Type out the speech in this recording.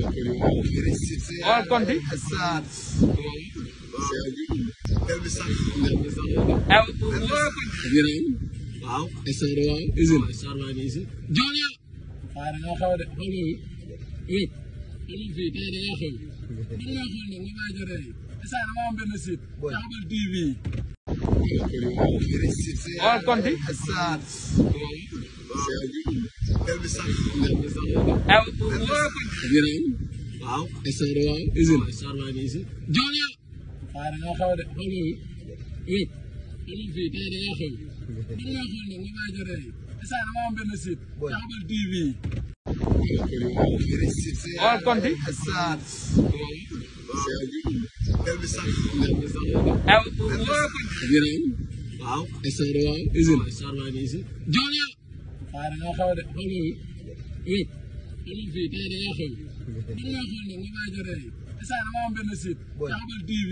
waaw tontu. a ah, de waaw. is it? waaw SRA bi usine. Jooja. waaye da ngaa xaw a de xaw ma wut. wut. xamul fii tey da ngaa xaw. da ngaa xaw ne nga may jotee yi. SRA dama am benn site. Jaxabal TV. waaw konti. SRA. waaw. is it? Jooja. waaye da ngaa a de xoolal wi oui xoolal fii tey da ngaa xaw a. da ngaa xaw a nga maa jëlee. te saa dama am benn site. booy Ndiambal TV.